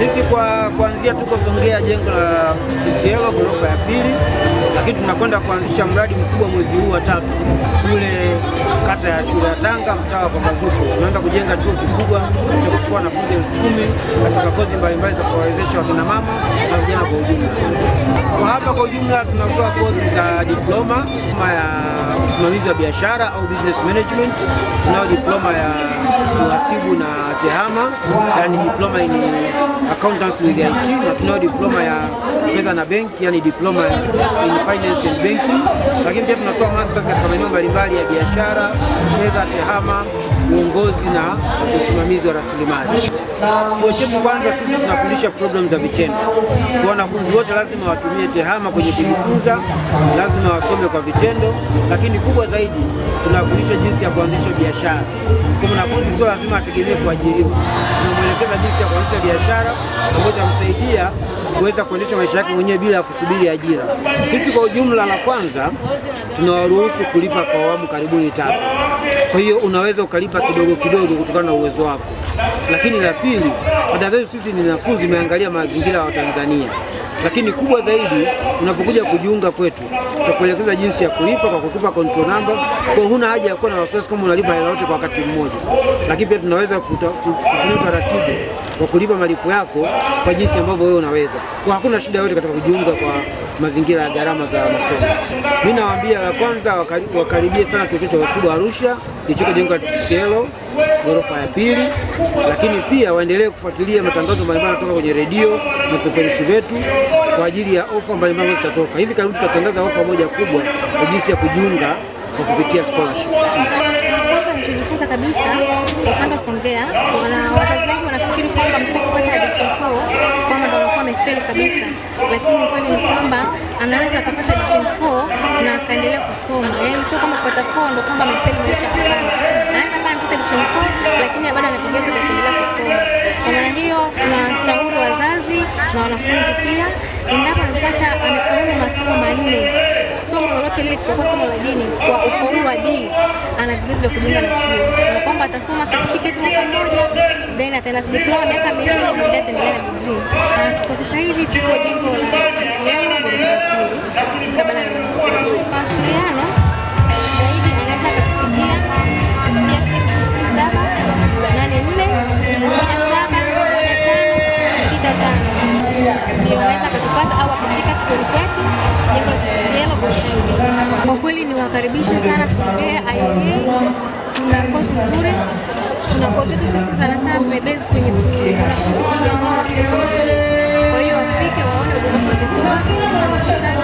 Sisi kwa kuanzia tuko Songea, jengo la TCL ghorofa ya pili, lakini tunakwenda kuanzisha mradi mkubwa mwezi huu wa tatu kule kata ya shule ya Tanga, mtaa wa Pambazuko. Tunaenda kujenga chuo kikubwa cha kuchukua wanafunzi elfu kumi katika kozi mbalimbali za kuwawezesha wakina mama na vijana kwa ujumla. Kwa hapa kwa ujumla tunatoa kozi za diploma ya usimamizi wa biashara au business management, tunao diploma ya uhasibu na tehama, yani diploma ni accountants with IT na tunao diploma ya fedha na benki, yani diploma in finance and banking, lakini pia tunatoa masters katika maeneo mbalimbali ya biashara, fedha, tehama, uongozi na usimamizi wa rasilimali. Chuo chetu kwanza, sisi tunafundisha programu za vitendo kwa wanafunzi wote, lazima watumie tehama kwenye kujifunza, lazima wasome kwa vitendo, lakini kubwa zaidi tunafundisha jinsi ya kuanzisha biashara. Kwa mwanafunzi sio lazima ategemee kuajiriwa, tunamwelekeza jinsi ya kuanzisha biashara biashara ambayo itamsaidia kuweza kuendesha maisha yake mwenyewe bila ya kusubiri ajira. Sisi kwa ujumla, la kwanza tunawaruhusu kulipa kwa awamu karibuni tatu. Kwa hiyo unaweza ukalipa kidogo kidogo kutokana na uwezo wako, lakini la pili, ada zetu sisi ni nafuu, zimeangalia mazingira ya Watanzania lakini kubwa zaidi, unapokuja kujiunga kwetu, tutakuelekeza jinsi ya kulipa kwa kukupa control number, kwa huna haja ya kuwa na wasiwasi kama unalipa hela yote kwa wakati mmoja. Lakini pia tunaweza kufanya utaratibu wa kulipa malipo yako kwa jinsi ambavyo wewe unaweza, kwa hakuna shida yote katika kujiunga kwa mazingira ya gharama za masomo. Mimi nawaambia la kwanza, wakaribie sana chuo cha Wasugu Arusha kilichoko jengo la TTCL ghorofa ya pili, lakini pia waendelee kufuatilia matangazo mbalimbali kutoka kwenye redio na peperushi wetu kwa ajili ya ofa mbalimbali zitatoka hivi karibuni. Tutatangaza ofa moja kubwa kwa jinsi ya kujiunga kwa kupitia scholarship. Kwanza nilichojifunza kabisa upande wa Songea, wazazi wengi wanafikiri kwamba mbele kabisa, lakini kweli ni kwamba anaweza akapata division 4 na akaendelea kusoma. Yani sio kama kupata 4 ndo kwamba amefeli maisha. Hapana, anaweza kama kupata division 4 lakini bado anapongeza kwa kuendelea kusoma. Kwa maana hiyo, tunashauri wazazi na wanafunzi pia, endapo amepata amefaulu masomo manne somo lolote lile isipokuwa somo la dini kwa ufaulu wa D ana vigezo vya kujiunga na chuo, na kwamba atasoma certificate mwaka mmoja, then ataenda diploma miaka miwili, baadaye ataendelea na degree. Ah, so sasa hivi tuko jengo la CCM ghorofa ya pili. kweli niwakaribishe sana Songea IA. Tuna kozi nzuri, tuna kozi zetu sisi sana sana tumebezi kwenye wanafunzi kujiajiri. Kwa hiyo wafike waone huduma tunazitoa.